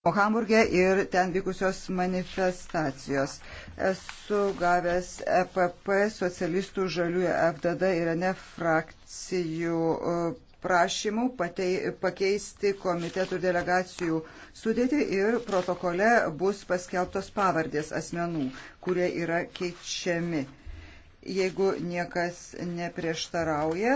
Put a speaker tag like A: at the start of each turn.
A: Hamburgė ir ten vykusios manifestacijos. Esu gavęs EPP, socialistų žaliųjų FDD ir ne frakcijų e, prašymų patei, pakeisti komitetų delegacijų sudėti ir protokole bus paskelbtos pavardės asmenų, kurie yra keičiami. Jeigu niekas neprieštarauja,